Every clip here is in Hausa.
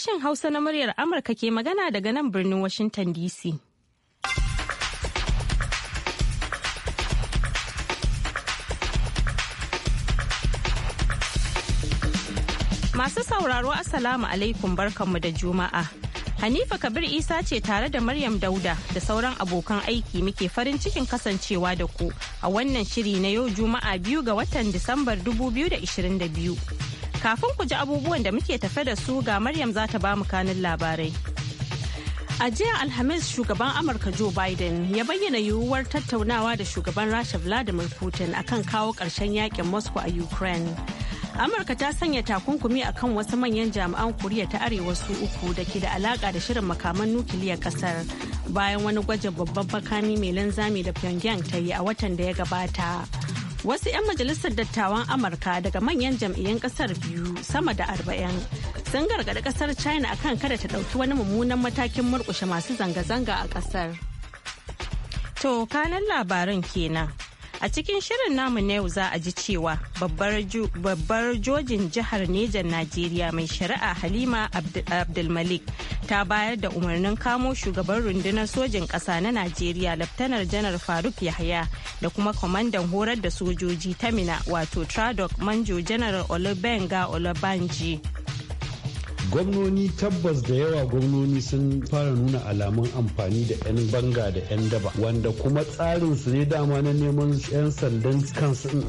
Sashen Hausa na muryar Amurka ke magana daga nan birnin Washington DC. Masu sauraro asalamu alaikum barkanmu da Juma'a. Hanifa Kabir Isa ce tare da Maryam Dauda da sauran abokan aiki muke farin cikin kasancewa da ku a wannan shiri na yau Juma'a biyu ga watan Disambar 2022. Kafin ku ji abubuwan da muke tafe da su ga Maryam za ta ba mu kanin labarai. A jiya Alhamis shugaban Amurka Joe Biden ya bayyana yiwuwar tattaunawa da shugaban Rasha Vladimir Putin akan kawo ƙarshen yakin Moscow a Ukraine. Amurka ta sanya takunkumi akan wasu manyan jami'an Koriya ta Arewa su uku da ke da alaka da shirin makaman nukiliyar kasar bayan wani gwajin babban makami mai linzami da Pyongyang ta yi a watan da ya gabata. Wasu 'yan majalisar dattawan Amurka daga manyan jam'iyyun kasar biyu sama da arba'in sun gargaɗi kasar China akan kada ta ɗauki wani mummunan matakin murƙushe masu zanga-zanga a kasar. To kanan labaran kenan. A cikin shirin namu na yau za a ji cewa babbar jojin jihar Nejan Najeriya mai shari'a Halima Abdulmalik ta bayar da umarnin kamo shugaban rundunar sojin ƙasa na najeriya laftanar janar faruk yahaya da kuma kwamandan horar da sojoji ta mina wato tradoc manjo janar olubenga olubanji gwamnoni tabbas da yawa gwamnoni sun fara nuna alamun amfani da 'yan banga da 'yan daba wanda kuma tsarin su ne dama na neman 'yan sandan kansu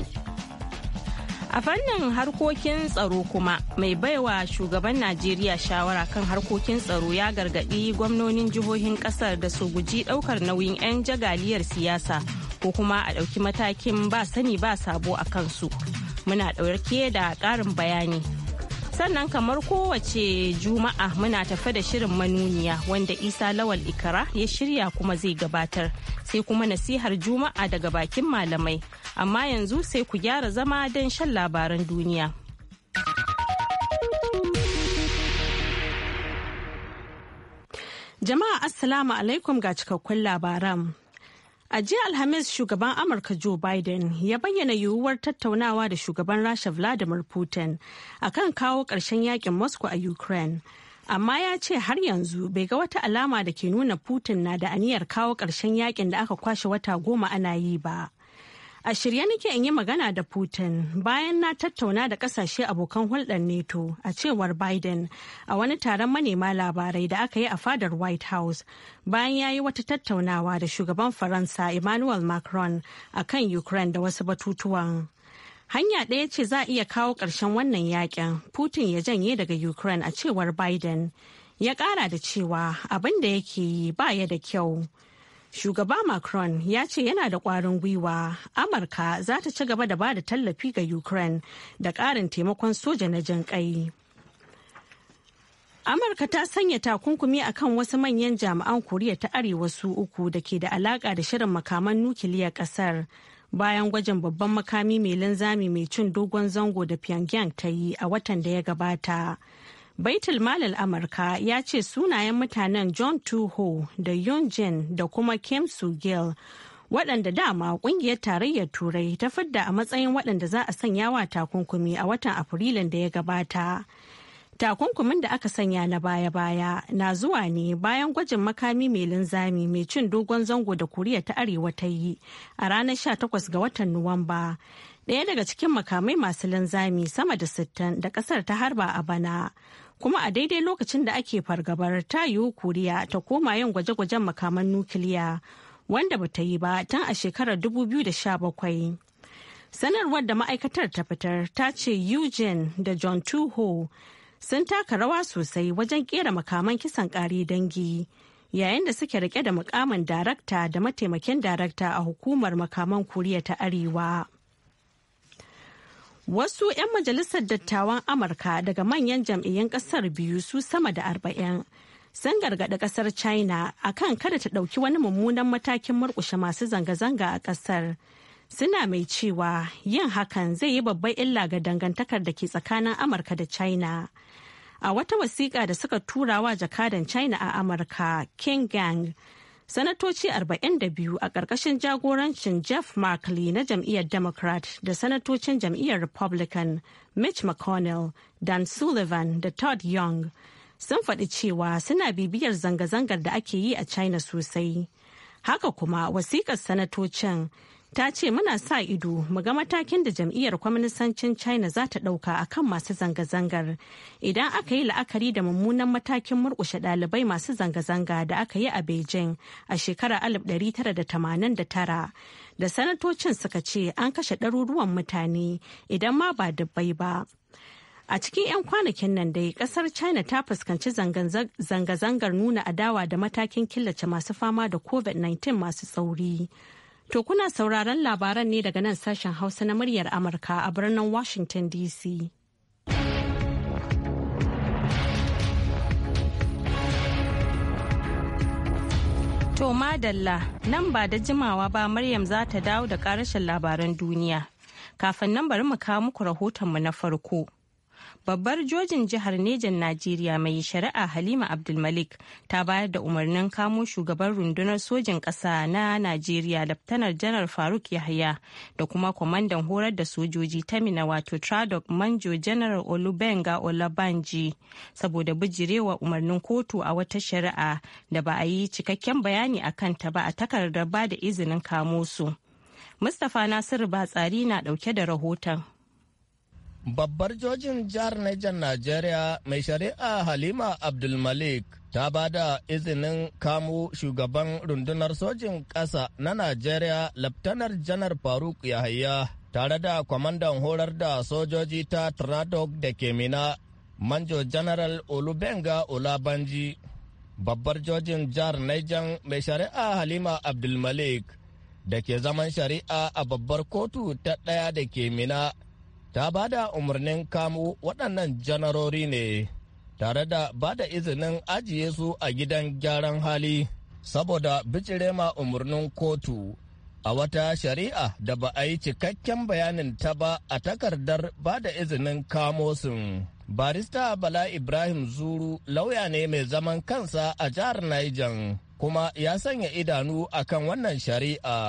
A fannin harkokin tsaro kuma mai baiwa shugaban Najeriya shawara kan harkokin tsaro ya gargadi gwamnonin jihohin kasar da su guji ɗaukar nauyin 'yan jagaliyar siyasa ko kuma a ɗauki matakin ba sani ba sabo a kansu. Muna ɗauke da ƙarin bayani sannan kamar kowace juma'a muna tafe da shirin manuniya wanda isa lawal ikara ya shirya kuma zai gabatar sai kuma nasihar juma'a daga bakin malamai amma yanzu sai ku gyara zama don shan labaran duniya jama'a assalamu alaikum ga cikakkun labaran A jiya Alhamis shugaban Amurka Joe Biden ya bayyana yiwuwar tattaunawa da shugaban Rasha Vladimir Putin akan kawo ƙarshen yakin Moscow a Ukraine. Amma ya ce har yanzu bai ga wata alama da ke nuna Putin na da aniyar kawo ƙarshen yakin da aka kwashe wata goma ana yi ba. A shirye nake in yi magana da Putin bayan na tattauna da kasashe abokan hulɗar NATO a cewar Biden a wani taron manema labarai da aka yi a fadar White House bayan ya yi wata tattaunawa da shugaban Faransa Emmanuel Macron a kan Ukraine da wasu batutuwan. Hanya ɗaya ce za a iya kawo ƙarshen wannan yakin Putin ya janye daga Ukraine a cewar Biden. Ya ƙara da cewa abin da yake yi ba ya da kyau. Shugaba Macron ya ce yana da ƙwarin gwiwa Amurka za ta ci gaba da ba da tallafi ga Ukraine da ƙarin taimakon soja na jin ƙai. Amurka ta sanya takunkumi a kan wasu manyan jami'an Koriya ta Arewa su uku da ke da alaƙa da shirin makaman nukiliya ƙasar bayan gwajin babban makami mai linzami mai cin dogon zango da Pyongyang ta yi a watan da ya gabata. Baitul Malal Amurka ya ce sunayen mutanen John Tuho da Yunjin da kuma Kim Seu-gil waɗanda dama ƙungiyar tarayyar turai ta fidda a matsayin waɗanda za a sanya wa takunkumi a watan Afrilun da ya gabata. Takunkumin da aka sanya na baya-baya na zuwa ne bayan gwajin makami mai linzami mai cin dogon zango da Kuriya ta Arewa ta yi a ranar 18 ga watan Nuwamba. Ɗaya daga cikin makamai masu linzami sama da 60 da ƙasar ta harba a bana. kuma a daidai lokacin da ake fargabar ta yiwu koriya ta koma yin gwaje-gwajen makaman nukiliya wanda ba ta yi ba tun a shekarar 2017 sanarwar da ma'aikatar ta fitar ta ce eugene da john tuho sun taka rawa sosai wajen kera makaman kisan kare dangi yayin da suke rike da mukamin darakta da mataimakin darakta a hukumar makaman koriya ta arewa. Wasu 'yan majalisar dattawan Amurka daga manyan jam'iyyun kasar biyu su sama da arba'in sun gargaɗi kasar China a kan kada ta ɗauki wani mummunan matakin murƙushe masu zanga-zanga a kasar. Suna mai cewa yin hakan zai yi babbar illa ga dangantakar da ke tsakanin Amurka da China. A wata wasiƙa da suka turawa jakadan China a Amurka, King Gang, sanatoci 42 a ƙarƙashin jagorancin jeff markley na jam'iyyar democrat da sanatocin jam'iyyar republican mitch mcconnell dan sullivan da todd young sun faɗi cewa suna bibiyar zanga-zangar da ake yi a china sosai haka kuma wasiƙar sanatocin ta ce muna sa ido mu ga matakin da jam'iyyar kwaminisancin china za ta ɗauka a kan masu zanga-zangar idan aka yi la'akari da mummunan matakin murƙushe ɗalibai masu zanga-zanga da aka yi a beijing a shekarar 1989 da sanatocin suka ce an kashe ɗaruruwan mutane idan ma ba dubbai ba A cikin 'yan kwanakin nan dai kasar China ta fuskanci zanga-zangar nuna adawa da matakin killace masu fama da COVID-19 masu tsauri. To kuna sauraron labaran ne daga nan sashen Hausa na muryar Amurka a birnin Washington DC. To madalla nan ba da jimawa ba Maryam za ta dawo da karashin labaran duniya. Kafin nan bari mu kawo muku rahotonmu na farko. babbar jojin jihar Nejan Najeriya mai shari'a Halima Abdulmalik ta bayar da umarnin kamo shugaban rundunar sojin ƙasa na Najeriya Laftanar Janar Faruk Yahaya da kuma kwamandan horar da sojoji ta Mina wato Tradoc Manjo Janar Olubenga Olabanji saboda bijirewa umarnin kotu a wata shari'a da ba a yi cikakken bayani a kanta ba a takardar ba da izinin kamo su. Mustapha Nasiru Batsari na ɗauke da rahoton Babbar jojin jihar Niger Najeriya mai shari'a Halima Abdulmalik ta ba da izinin kamo shugaban rundunar sojin ƙasa na Najeriya Laftanar Janar Faruk Yahaya tare da kwamandan horar da sojoji ta Tradog da Kemina Manjo General Olubenga Olabanji. Babbar jojin jihar Niger mai shari'a Halima Abdulmalik da ke zaman shari'a a babbar kotu ta ɗaya da Kemina. ta ba da umarnin kamo waɗannan janarori ne tare da ba da izinin ajiye su a gidan gyaran hali saboda bijirema umarnin kotu a wata shari'a da ba a yi cikakken bayanin ta ba a takardar ba da izinin kamo sun. Barista Bala Ibrahim Zuru lauya ne mai zaman kansa a jihar Niger kuma ya sanya idanu akan wannan shari'a.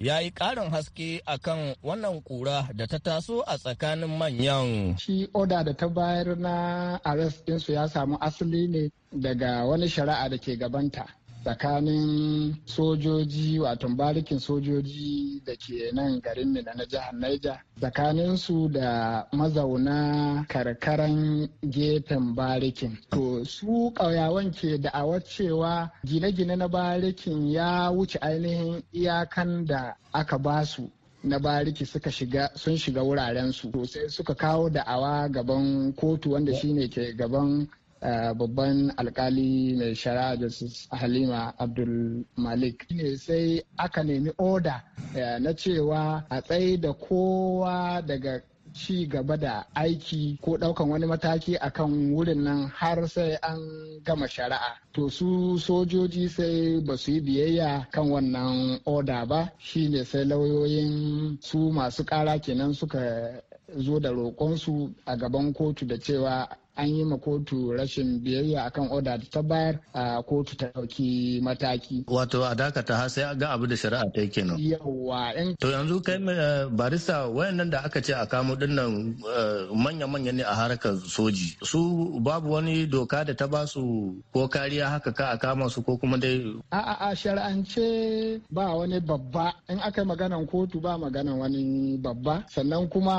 ya yi ƙarin haske akan wannan ƙura da ta taso a tsakanin manyan. Shi oda da ta bayar na arrest ɗinsu ya samu asali ne daga wani shari'a da ke gabanta. tsakanin sojoji wato barikin sojoji da ke nan garin mina na jihar Niger su da mazauna karkaran gefen barikin. To su ƙauyawan ke da'awar cewa gine-gine na barikin ya wuce ainihin iyakan da aka basu na bariki suka shiga sun shiga wurarensu to sai suka kawo da'awa gaban kotu wanda shine ke gaban Eh, babban alkali mai shari'a justice halima abdul malik ne sai aka nemi oda eh, na cewa a tsaye da kowa daga ci gaba da aiki ko daukan wani mataki akan wurin nan har sai an gama shari'a to su sojoji sai ba su yi biyayya kan wannan oda ba shine sai lauyoyin su masu kara kenan suka zo da roƙonsu a gaban kotu da cewa an yi ma kotu rashin biyayya akan oda da ta bayar a kotu ta dauki mataki. Wato a dakata har sai ga abu da shari'a ta yake kenan. Yawwa. To yanzu kai eh, barista wayannan da aka ce a kamo dinnan eh, manya-manya ne a harkar soji. Su babu wani doka da ta ba su ko kariya haka ka a kama su ko kuma dai. A'a a shari'ance ba wani babba in aka yi maganan kotu ba maganan wani babba sannan kuma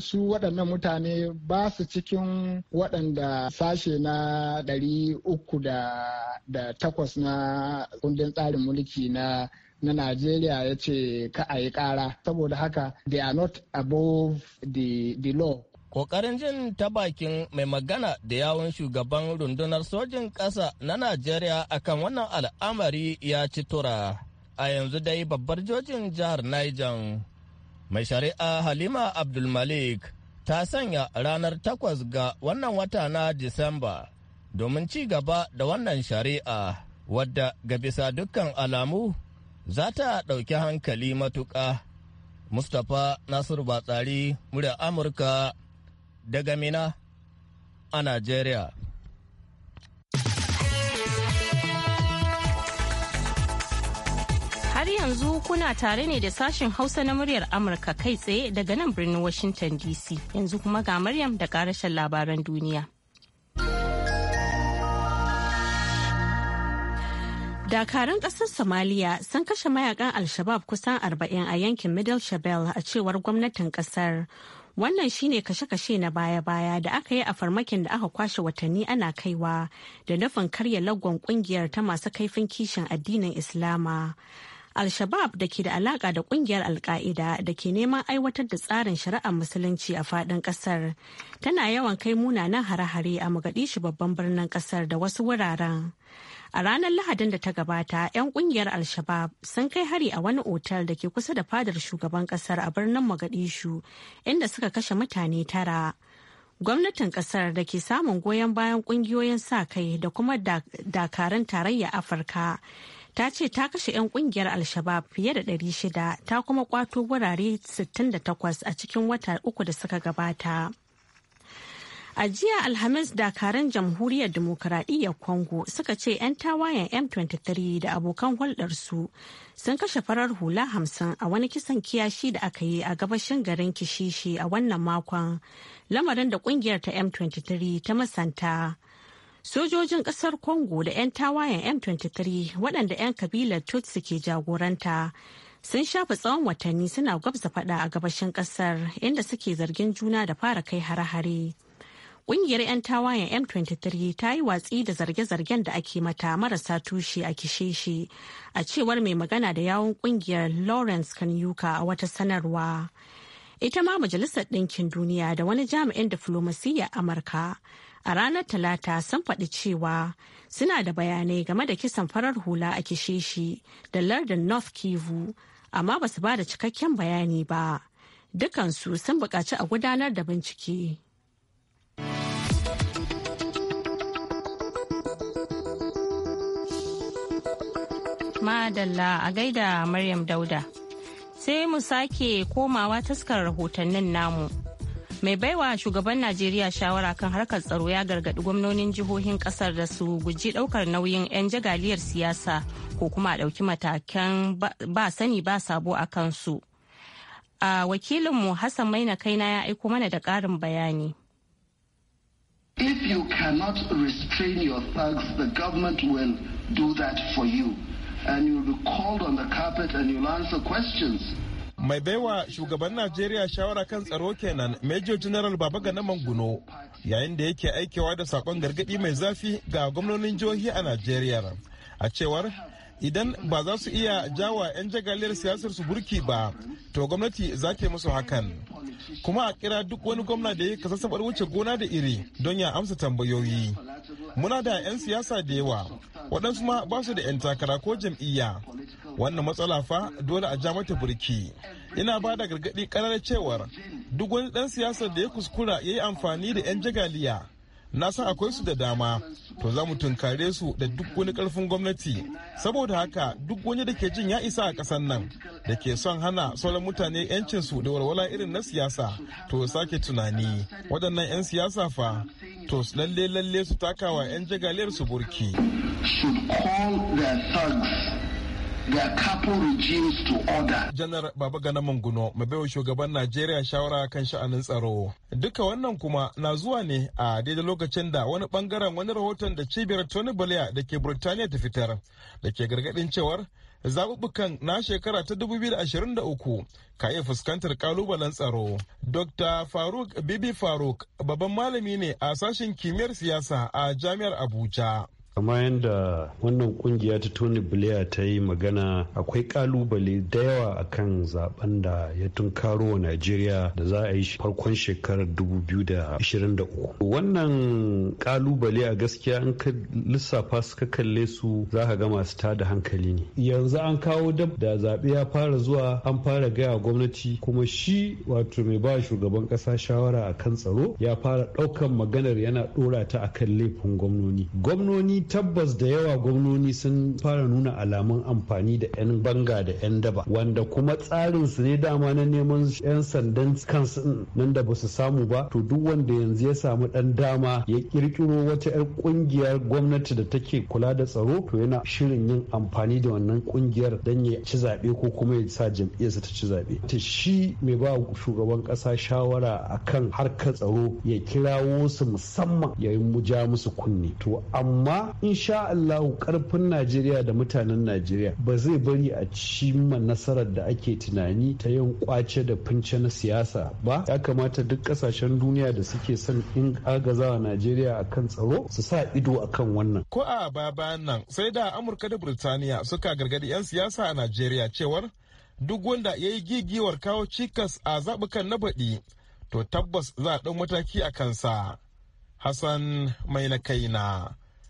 su waɗannan mutane ba su cikin waɗanda sashe na ɗari uku da takwas na kundin tsarin mulki na na Najeriya ya ce ka a yi ƙara saboda haka they are not above the, the law. Ƙoƙarin jin ta bakin mai magana da yawon shugaban rundunar sojin ƙasa na Najeriya akan wannan al'amari ya ci tura. A yanzu dai babbar jojin jihar Niger. Mai shari'a Halima Abdulmalik ta sanya ranar takwas ga wannan wata na Disamba domin ci gaba da wannan shari'a wadda ga bisa dukkan alamu za ta ɗauki hankali matuƙa. Mustapha Nasiru Batsari, murya Amurka daga Mina a Najeriya. har yanzu kuna tare ne da sashen Hausa na muryar Amurka kai tsaye daga nan birnin Washington DC. Yanzu kuma ga Maryam da karashen labaran duniya. Dakarun ƙasar Somalia sun kashe mayakan alshabab kusan 40 a yankin Middle Shabelle a cewar gwamnatin ƙasar. Wannan shine kashe-kashe na baya-baya da aka yi a farmakin da aka kwashe watanni ana kaiwa da nufin karya lagon kungiyar ta masu kaifin kishin addinin Islama. al-shabab da ke da alaka da kungiyar al-qaida da ke neman aiwatar da tsarin shari'ar musulunci a fadin kasar tana yawan kai munanan hare-hare a mogadishu babban birnin kasar da wasu wuraren a ranar lahadin da ta gabata 'yan kungiyar al-shabab sun kai hari a wani otal da ke kusa da fadar shugaban kasar a birnin mogadishu inda suka kashe mutane tara gwamnatin kasar da ke samun goyon bayan kungiyoyin sa kai da kuma dakarun tarayya afirka ta ce ta kashe 'yan kungiyar alshabab fiye da 600 ta kuma kwato wurare 68 a cikin wata uku da suka gabata. A jiya Alhamis dakaran jamhuriyar demokuraɗiyyar Congo suka ce 'yan tawayen M23 da abokan hulɗarsu sun kashe farar hula 50 a wani kisan kiyashi da aka yi a gabashin garin Kishishi a wannan makon lamarin da kungiyar ta M23 ta masanta. Sojojin ƙasar Congo da 'yan tawayen M23 waɗanda 'yan kabilar Tutsi ke jagoranta sun shafa tsawon watanni suna gwabza fada a gabashin ƙasar inda suke zargin juna da fara kai hare-hare. Ƙungiyar 'yan tawayen M23 ta yi watsi da zarge-zargen da ake mata marasa tushe a kisheshi a cewar mai magana da yawun ƙungiyar Lawrence Kanyuka a wata sanarwa. Ita ma Majalisar Ɗinkin Duniya da wani jami'in da Amurka a ranar talata sun faɗi cewa suna da bayanai game da kisan farar hula a kishishi da lardin north kivu amma ba su ba da cikakken bayani ba dukansu sun buƙaci a gudanar da bincike madalla a gaida maryam dauda sai mu sake komawa taskar rahotannin namu mai baiwa shugaban najeriya shawara kan harkar tsaro ya gargaɗi gwamnonin jihohin ƙasar da su guji ɗaukar nauyin 'yan jagaliyar siyasa ko kuma a ɗauki matakan ba sani ba sabo a kansu a wakilinmu hassan maina kaina ya aiko mana da ƙarin bayani If you cannot restrain your thugs, the government will do that for you. And you'll be called on the carpet and you'll answer questions. mai baiwa shugaban najeriya shawara kan tsaro kenan major general babagana manguno yayin da yake aikewa da sakon gargadi mai zafi ga gwamnonin jihohi a najeriya a cewar idan ba za su iya jawa 'yan jagaliyar siyasar su burki ba to gwamnati za ke musu hakan kuma a kira duk wani gwamna da ya kasasabar wuce gona da iri don ya amsa tambayoyi muna da 'yan siyasa da yawa waɗansu ma ba su da 'yan takara ko jam'iyya wannan matsala fa dole a ja mata burki ina ba da gargaɗi ƙarar cewar duk wani ɗan siyasar da ya kuskura ya yi amfani da 'yan jagaliya na san akwai su da dama to za mu tunkare su da duk wani karfin gwamnati saboda haka duk wani da ke jin ya isa a kasan nan da ke son hana sauran mutane yancin su da walwala irin na siyasa to sake tunani waɗannan 'yan siyasa fa to lalle lalle su takawa 'yan jagaliyar su burki should call their thugs their capital regimes to order. Janar Babagana Munguno, mai baiwa shugaban Najeriya shawara kan sha'anin tsaro. Duka wannan kuma na zuwa ne a daidai lokacin da wani bangaren wani rahoton da cibiyar Tony Blair da ke Burtaniya ta fitar da ke gargadin cewar zaɓuɓɓukan na shekara ta 2023 ka iya fuskantar kalubalen tsaro. Dr. Faruk Bibi Faruk babban malami ne a sashen kimiyyar siyasa a Jami'ar Abuja. kamar yadda wannan kungiya ta tony blair ta yi magana akwai kalubale da yawa kan zaben da ya tunkaro wa najeriya da za a yi farkon shekarar 2023 wannan kalubale a gaskiya an ka lissafa suka kalle su za ka ga masu tada hankali ne yanzu an kawo dab da zaɓe ya fara zuwa an fara gaya gwamnati kuma shi wato mai ba shugaban ƙasa shawara a kan tsaro ya fara ɗaukan maganar yana ɗora ta kan laifin gwamnoni gwamnoni tabbas da yawa gwamnoni sun fara nuna alamun amfani da 'yan banga da 'yan daba wanda kuma tsarin su ne dama na neman 'yan sandan kansu nan da ba su samu ba to duk wanda yanzu ya samu dan dama ya kirkiro wata 'yar kungiyar gwamnati da take kula da tsaro to yana shirin yin amfani da wannan kungiyar dan ya ci zaɓe ko kuma ya sa jam'iyyarsa ta ci zaɓe ta shi mai ba shugaban ƙasa shawara akan harkar tsaro ya kirawo su musamman yayin yi ja musu kunne to amma In insha Allah karfin Najeriya da mutanen Najeriya ba zai bari a cimma nasarar da ake tunani ta yin kwace da fince na siyasa ba ya kamata duk kasashen duniya da suke son in agazawa Najeriya akan tsaro su sa ido akan wannan ko a baya nan sai da Amurka da Burtaniya suka gargadi 'yan siyasa a Najeriya cewar duk wanda yayi gigiwar kawo cikas a zabukan na baɗi to tabbas za a ɗau mataki a kansa. Hassan mai na kaina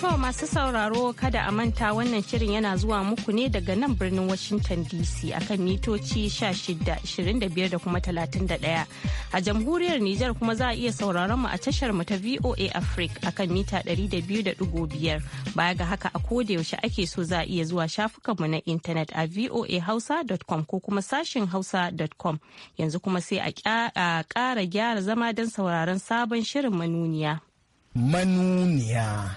To masu sauraro kada a manta wannan shirin yana zuwa muku ne daga nan birnin Washington DC akan mitoci 16,25 da kuma 31. A jamhuriyar Nijar kuma za a iya sauraron mu a tashar mu ta VOA Africa akan mita 200.5. Baya ga haka a koda yaushe ake so za a iya zuwa shafukanmu na intanet a voahausa.com ko kuma sashin hausa.com. Yanzu kuma sai a ƙara gyara zama don sauraron sabon shirin manuniya. Manuniya.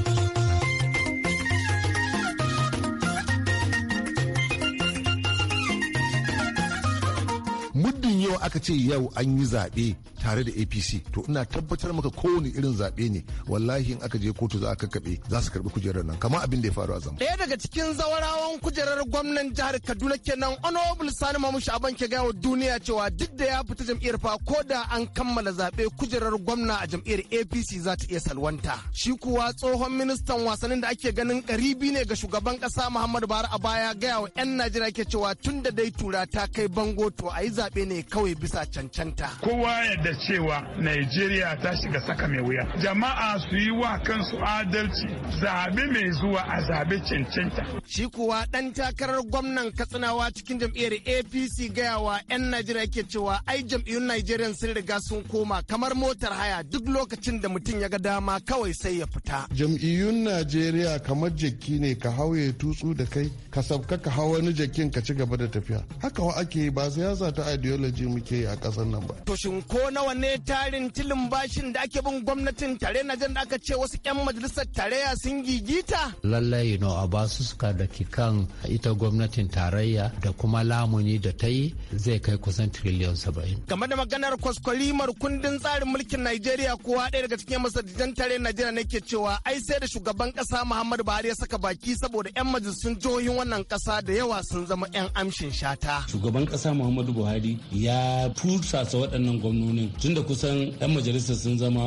muddin yau aka ce yau an yi zaɓe tare da apc to ina tabbatar maka kowane irin zaɓe ne wallahi in aka je kotu za a kakkaɓe za su karɓi kujerar nan kamar abin da ya faru a zama. ɗaya daga cikin zawarawan kujerar gwamnan jihar kaduna kenan honorable sani mamush aban ke gaya wa duniya cewa duk da ya fita jam'iyyar fa ko da an kammala zaɓe kujerar gwamna a jam'iyyar apc za ta iya salwanta shi kuwa tsohon ministan wasannin da ake ganin karibi ne ga shugaban ƙasa muhammadu buhari a baya gaya wa 'yan najeriya ke cewa tun da dai tura ta kai bango to a yi zaɓe zaɓe ne kawai bisa cancanta. Kowa yadda cewa Najeriya ta shiga saka mai wuya. Jama'a su yi wa kansu adalci zaɓe mai zuwa a zaɓe cancanta. Shi kuwa ɗan takarar gwamnan Katsinawa cikin jam'iyyar APC gayawa 'yan Najeriya ke cewa ai jam'iyyun Najeriya sun riga sun koma kamar motar haya duk lokacin da mutum ya ga dama kawai sai ya fita. Jam'iyyun Najeriya kamar jaki ne ka hauye tutsu da kai ka sauka ka hawa wani jakin ka ci gaba da tafiya. Haka wa ake ba siyasa ta cardiology muke a kasar nan ba. To shin ko nawa ne tarin tilin bashin da ake bin gwamnatin tare na jan da aka ce wasu 'yan majalisar tarayya sun gigita? Lallai know, a su suka da kan ita gwamnatin tarayya da kuma lamuni da ta yi zai kai kusan triliyon saba'in. Game da maganar kwaskwalimar kundin tsarin mulkin Najeriya kowa ɗaya daga cikin masarjan tare Najeriya ne ke cewa ai sai da shugaban kasa Muhammadu Buhari ya saka baki saboda 'yan majalisun jihohin wannan kasa da yawa sun zama 'yan amshin shata. Shugaban ƙasa Muhammadu Buhari ya fursasa waɗannan gwamnonin da kusan 'yan majalisar sun zama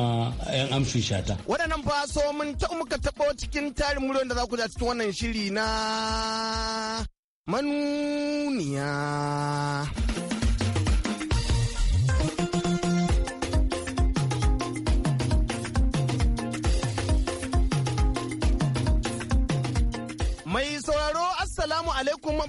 'yan amshin shata. Waɗannan fa so mun ta muka taɓa cikin tarin miliyon da za ku cikin wannan shiri na manuniya.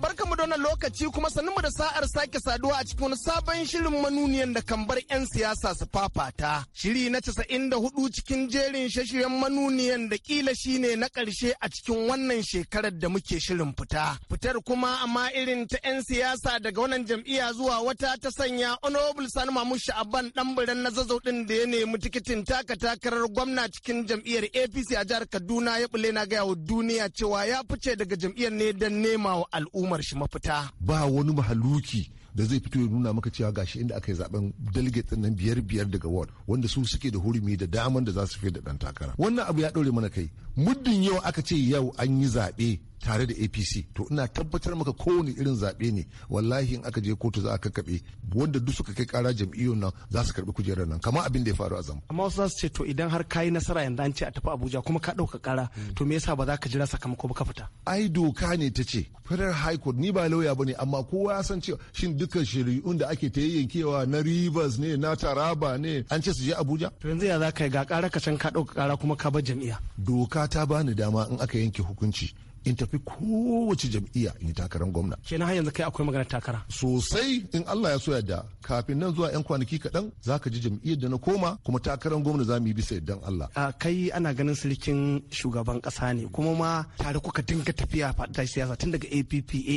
barka barkamu da wannan lokaci kuma sanin mu da sa'ar sake saduwa a cikin wani sabon shirin manuniyan da kan bar 'yan siyasa su fafata. Shiri na casa'in da hudu cikin jerin shashiren manuniyan da kila shine na karshe a cikin wannan shekarar da muke shirin fita. Fitar kuma amma irin ta 'yan siyasa daga wannan jam'iyya zuwa wata ta sanya Honorable Sani mamu Sha'aban ɗan na zazzau ɗin da ya nemi tikitin taka takarar gwamna cikin jam'iyyar APC a jihar Kaduna ya bule na gaya wa duniya cewa ya fice daga jam'iyyar ne don nema wa al'umma. hukumar shi mafita ba wani mahaluki da zai fito ya nuna maka cewa gashi inda aka yi zaben delegate nan biyar biyar daga ward wanda su suke da hurumi da daman da za su fi da dan takara wannan abu ya ɗore mana kai muddin yau aka ce yau an yi zaɓe tare da apc to ina tabbatar maka kowane irin zaɓe ne wallahi in aka je kotu za a kakkaɓe wanda duk suka kai ƙara jam'iyyun nan za su karɓi kujerar nan kamar abin da ya faru a zama. amma wasu za su ce to idan har ka yi nasara yanzu an ce a tafi abuja kuma ka ɗauka ƙara to me yasa ba za ka jira sakamako ba ka fita. ai doka ne ta ce federal high court ni ba lauya ba ne amma kowa ya san cewa shin dukkan shari'un da ake ta yankewa na rivers ne na taraba ne an ce su je abuja. to yanzu ya za ka yi ga ƙara ka can ka ɗauka ƙara kuma ka bar jam'iyya. doka ta bani dama in aka yanke hukunci in tafi kowace jam'iyya in yi takarar gwamna. ke har yanzu kai akwai maganar takara. sosai in Allah ya so yadda kafin nan zuwa 'yan kwanaki kaɗan za ka ji jam'iyyar da na koma kuma takarar gwamna za mu yi bisa yardan Allah. a kai ana ganin silikin shugaban ƙasa ne kuma ma tare kuka dinga tafiya faɗa siyasa tun daga app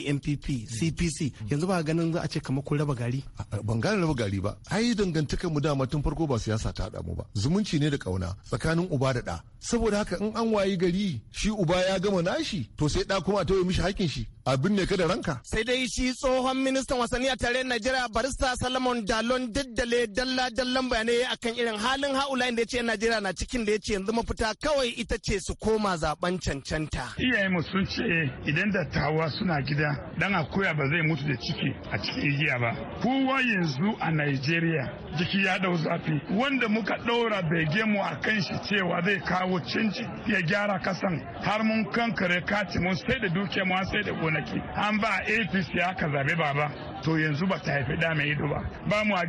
ampp cpc yanzu ba ganin za a ce kamar kun raba gari. ban gane raba gari ba ai dangantakar mu dama tun farko ba siyasa ta haɗa mu ba zumunci ne da ƙauna tsakanin uba da ɗa saboda haka in an wayi gari shi uba ya gama nashi to sai da kuma ta yi mishi hakin shi abin ne ka da ranka. Sai dai shi tsohon ministan wasanni a tare Najeriya barista Salomon Dalon daddale dalla dallan bayanai akan irin halin haula da ya ce Najeriya na cikin da ya ce yanzu mafita kawai ita ce su koma zaben cancanta. Iyaye mu sun ce idan dattawa suna gida dan akuya ba zai mutu da ciki a cikin igiya ba. Kowa yanzu a Najeriya jiki ya dau zafi wanda muka daura bege mu a kan shi cewa zai kawo canji ya gyara kasan har mun kankare kati mun sai da dukiya mu sai da gona kwanaki an ba apc aka zabe baba to yanzu ba ta haifi da mai ido ba ba mu a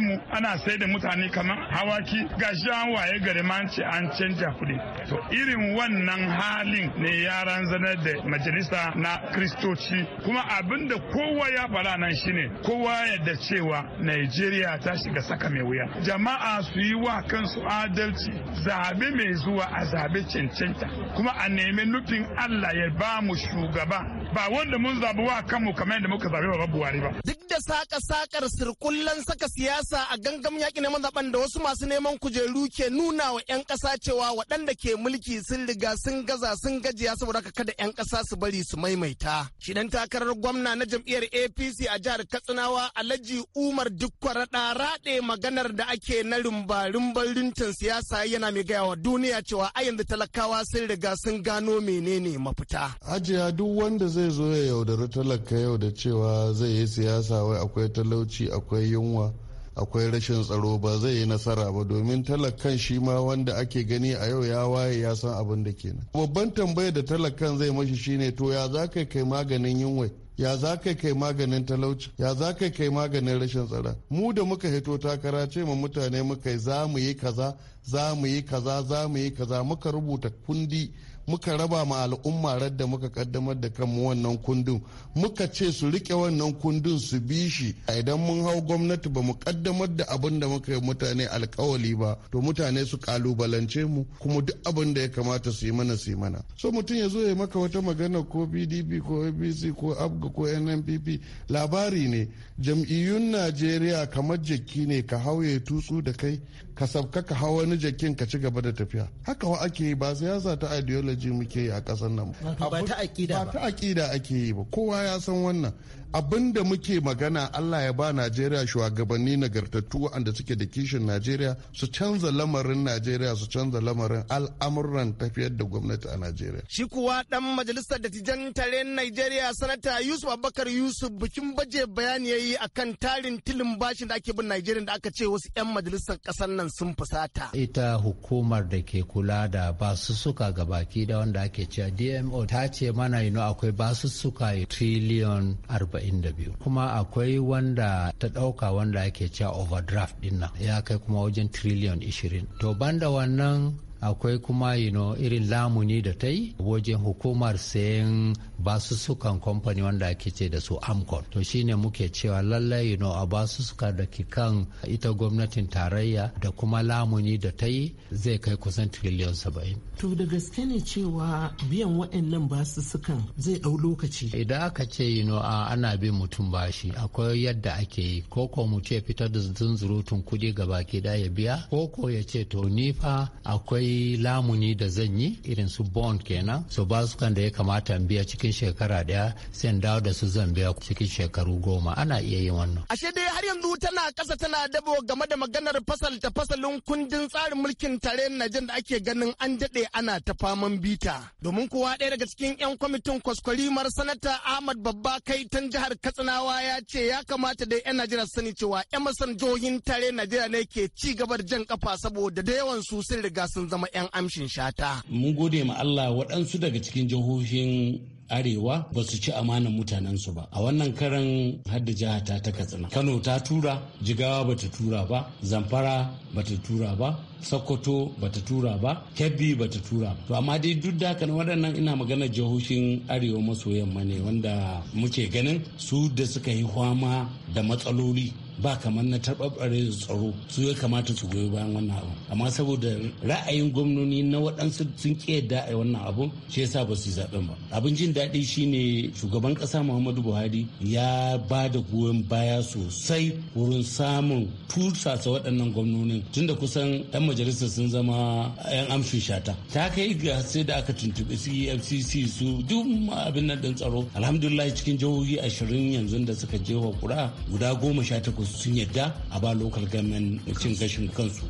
mu ana sai da mutane kamar hawaki shi an waye gari ma ce an canja kuɗi to irin wannan halin ne yaran zanar da majalisa na kristoci kuma abin da kowa ya fara nan shine kowa ya da cewa Najeriya ta shiga saka mai wuya jama'a su yi wa kansu adalci zabe mai zuwa a zabe cancanta kuma a nemi nufin Allah ya ba mu shugaba ba wanda mun zaɓi wa kanmu kamar yadda muka zaɓi wa Buhari ba. Duk da saka sakar sirkullan saka siyasa a gangam yaƙi neman mazaɓan da wasu masu neman kujeru ke nuna wa 'yan ƙasa cewa waɗanda ke mulki sun riga sun gaza sun gajiya saboda haka kada 'yan ƙasa su bari su maimaita. Shi dan takarar gwamna na jam'iyyar APC a jihar Katsinawa Alhaji Umar Dukkwara raɗe maganar da ake na rumba rumba rintin siyasa yana mai gaya wa duniya cewa a yanzu talakawa sun riga sun gano menene mafita. Hajiya duk wanda zai zo ya yaudari talaka yau da cewa zai yi siyasa wai akwai talauci akwai yunwa akwai rashin tsaro ba zai yi nasara ba domin talakan shi ma wanda ake gani a yau ya waye ya san abin da kenan babban tambayar da talakan zai mashi shine to ya za kai kai maganin yunwai ya za ka kai maganin talauci ya za ka kai maganin rashin tsara mu da muka hito takara ce ma mutane muka yi za mu yi kaza za mu yi kaza za mu yi kaza muka rubuta kundi muka raba ma al'umma radda muka kaddamar da kanmu wannan kundin muka ce su rike wannan kundin su bi shi idan mun hau gwamnati ba mu kaddamar da abin da muka yi mutane alkawali ba to mutane su kalubalance mu kuma duk abin da ya kamata su yi mana su yi mana so mutum ya zo ya maka wata magana ko pdp ko abc ko abga ko nnpp labari ne jam'iyyun najeriya kamar jaki ne ka hauye tutsu da kai ka sabka ka hau wani jakin ka ci gaba da tafiya haka wa ake yi ba siyasa ta ideology kafirci muke yi a ƙasar nan ba ta aƙida ake yi ba kowa ya san wannan abin da muke magana Allah ya ba Najeriya shugabanni nagartattu waɗanda suke da kishin Najeriya su canza lamarin Najeriya su canza lamarin al'amuran tafiyar da gwamnati a Najeriya. Shi kuwa dan majalisar tijan tare Najeriya sanata Yusuf Abubakar Yusuf bikin baje bayani ya yi akan tarin tilin bashin da ake bin Najeriya da aka ce wasu 'yan majalisar kasar nan sun fusata. Ita hukumar da ke kula da suka gabaki jarida wanda ake cewa dmo ta ce mana ino akwai basussuka triliyon 42 kuma akwai wanda ta ɗauka wanda ake cewa overdraft dinnan ya kai kuma wajen triliyon 20 to banda wannan akwai kuma you know, irin lamuni da ta yi wajen hukumar sayan basussukan kamfani wanda ake ce da su amcon to shine muke cewa lallai you know, a basussuka da ke kan ita gwamnatin tarayya da kuma lamuni da ta yi zai kai kusan triliyon saba'in to da gaske ne cewa biyan waɗannan basussukan zai ɗau lokaci idan aka ce you know, ana bin mutum bashi akwai yadda ake yi ko ko mu ce fitar da zunzurutun kuɗi ga baki ɗaya ya biya ko ko ya ce to ni fa akwai lamuni da zan yi irin su bond kenan su ba su kan da ya kamata in biya cikin shekara daya sai in dawo da su zan biya cikin shekaru goma ana iya yin wannan. Ashe dai har yanzu tana kasa tana dabo game da maganar fasal fasalta fasalin kundin tsarin mulkin tare jin da ake ganin an jade ana ta faman bita. Domin kuwa ɗaya daga cikin 'yan kwamitin kwaskwarimar sanata Ahmad Babba kai tan jihar Katsinawa ya ce ya kamata da 'yan Najeriya sani cewa 'yan masan jihohin tare Najeriya ne ke ci gaba da jan kafa saboda da yawan su sun riga sun zama zama 'yan amshin shata. Mun gode ma Allah waɗansu daga cikin jihohin arewa ba su ci amanan mutanensu ba a wannan karan hadda jiha ta ta katsina kano ta tura jigawa ba ta tura ba zamfara ba ta tura ba sokoto ba ta tura ba kebbi ba ta tura ba to amma dai duk da kan waɗannan ina magana jihohin arewa maso yamma ne wanda muke ganin su da suka yi fama da matsaloli ba kamar na tabbare tsaro su ya kamata su goyi bayan wannan abu amma saboda ra'ayin gwamnoni na waɗansu sun ƙi yadda a wannan abu shi yasa ba su yi zaɓen ba abin jin daɗi shine shugaban ƙasa muhammadu buhari ya ba da goyon baya sosai wurin samun tursasa waɗannan gwamnonin tunda kusan 'yan majalisar sun zama 'yan amshi shata ta kai ga sai da aka tuntuɓi cfcc e su duk abin nan ɗin tsaro alhamdulillah cikin jihohi ashirin yanzu da suka je wa kura guda goma sha takwas sun yadda a ba local government cin gashin kansu.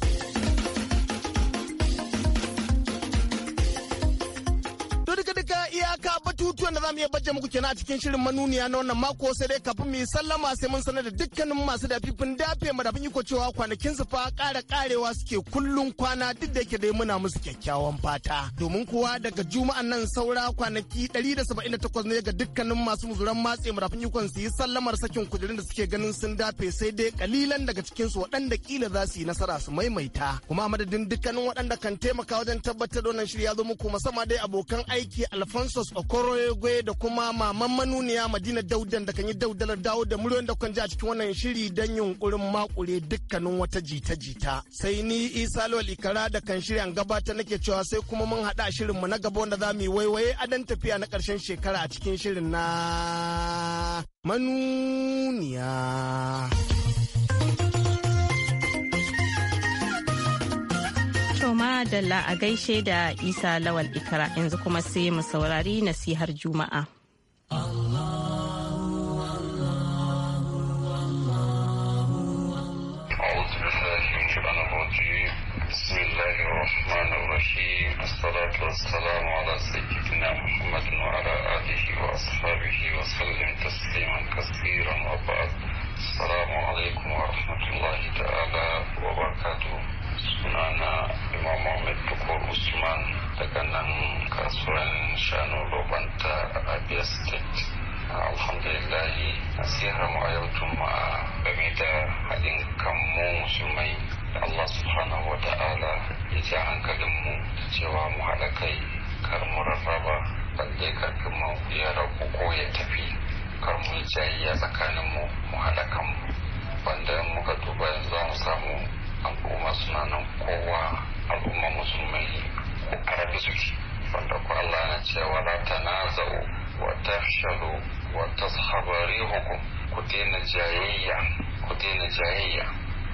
batutuwan da zamu iya bajje muku kenan a cikin shirin manuniya na wannan mako sai dai kafin mu yi sallama sai mun sanar da dukkanin masu dafifin dafe yi ko cewa kwanakin su fa ƙara ƙarewa suke kullun kwana duk da yake dai muna musu kyakkyawan fata domin kuwa daga juma'an nan saura kwanaki 178 ne ga dukkanin masu muzuran matse yi ko su yi sallamar sakin kujerun da suke ganin sun dafe sai dai kalilan daga cikin su waɗanda kila za su yi nasara su maimaita kuma madadin dukkanin waɗanda kan taimaka wajen tabbatar da wannan shirya zo muku musamman dai abokan aiki Alphonsus Okoroye gwagwe da kuma maman manuniya madina daudan da kan yi daudalar dawo da muryoyin da kan ji a cikin wannan shiri don yunkurin makure dukkanin wata jita-jita sai ni isa lawal ikara da kan shirya gabata nake cewa sai kuma mun haɗa shirin mu na gaba wanda za mu yi waiwaye a dan tafiya na ƙarshen shekara a cikin shirin na manuniya. Dalla a gaishe da Isa Lawal ikara yanzu kuma sai mu saurari nasihar Juma'a. Assalamu alaikum wa rahmatullahi ta'ala wa barakatuh. sunana imam Muhammad Tukur Usman daga nan kasuwan shanu robanta a Abia State. Alhamdulillahi nasihar mu a yau juma'a game da haɗin kan mu musulmai da Allah subhanahu wa ta'ala ya ja hankalin mu cewa mu haɗa kai kar mu rarraba balle karfin mu ya ragu ko ya tafi kar mu yi jayayya tsakanin mu mu haɗa kan mu wanda muka duba yanzu za mu samu al'umma suna nan kowa al'umma musulmai ƙarfi suke wanda ku Allah na cewa la tanaza'u wa tafshalu wa tashaba hukum ku daina jayayya ku daina jayayya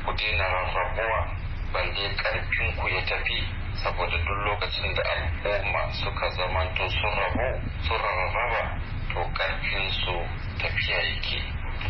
ku daina rarrabuwa balle karfin ku ya tafi saboda duk lokacin da al'umma suka zamanto sun rabu sun rarraba to karfin su tafiya yake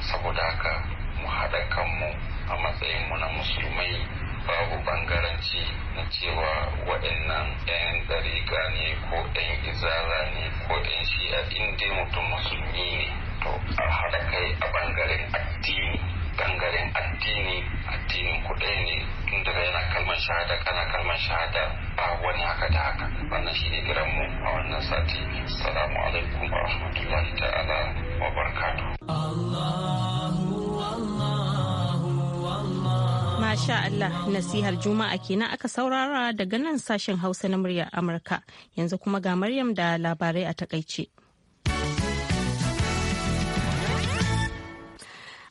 saboda haka mu haɗa kanmu a matsayin mu na musulmai babu bangaranci na cewa waɗannan 'yan ɗariƙa ne ko 'yan izara ne ko 'yan shi'a inda mutum musulmi ne to a haɗa kai a bangaren addini bangaren addini addinin kuɗai ne tun daga yana kalmar shahada kana kalmar shahada ba wani haka da haka wannan shine kiran mu a wannan sati assalamu alaikum wa rahmatullahi ta'ala wa barakatuh Masha Allah nasihar Juma'a kenan aka saurara daga nan sashen Hausa na muryar Amurka yanzu kuma ga Maryam da labarai a takaice.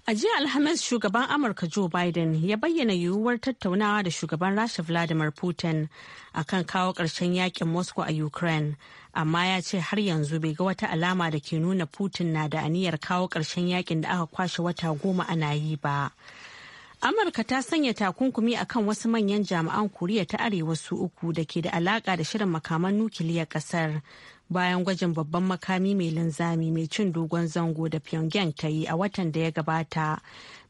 A jiya Alhamis shugaban Amurka Joe Biden ya bayyana yiwuwar tattaunawa da shugaban Rasha Vladimir Putin a kan kawo ƙarshen yakin Moscow a Ukraine, amma ya ce har yanzu bai ga wata alama da ke nuna Putin na da aniyar kawo ƙarshen yakin da aka kwashe wata goma ana yi ba. Amurka ta sanya takunkumi a kan wasu manyan jami'an Koriya ta Arewa su uku da ke da alaƙa da shirin makaman nukiliyar ƙasar bayan gwajin babban makami mai linzami mai cin dogon zango da Pyongyang ta yi a watan da ya gabata.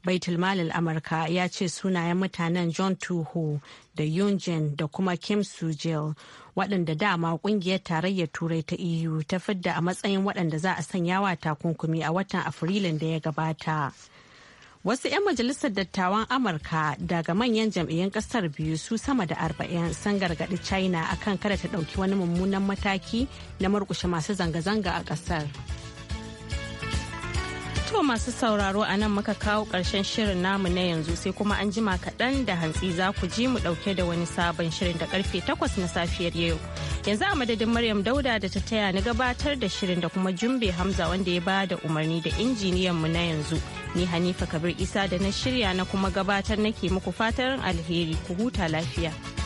Baitul Malil Amurka ya ce sunayen mutanen John Tuho da Yunjin da kuma Kim Sujil waɗanda dama ƙungiyar tarayyar turai ta EU ta fidda a matsayin waɗanda za a sanya wa takunkumi a watan Afrilun da ya gabata. Wasu 'yan majalisar dattawan Amurka daga manyan jam'iyyun kasar biyu su sama da arba'in sun gargaɗi China akan kada ta ɗauki wani mummunan mataki na murkushe masu zanga-zanga a ƙasar. To masu sauraro a nan muka kawo ƙarshen shirin namu na yanzu sai kuma an jima kaɗan da hantsi za ku ji mu ɗauke da wani sabon shirin da karfe 8 na safiyar yau. Yanzu a madadin Maryam Dauda da ta taya ni gabatar da shirin da kuma Jumbe Hamza wanda ya ba da umarni da injiniyan mu na yanzu. Ni Hanifa Kabir Isa da na shirya na kuma gabatar nake muku fatan alheri ku huta lafiya.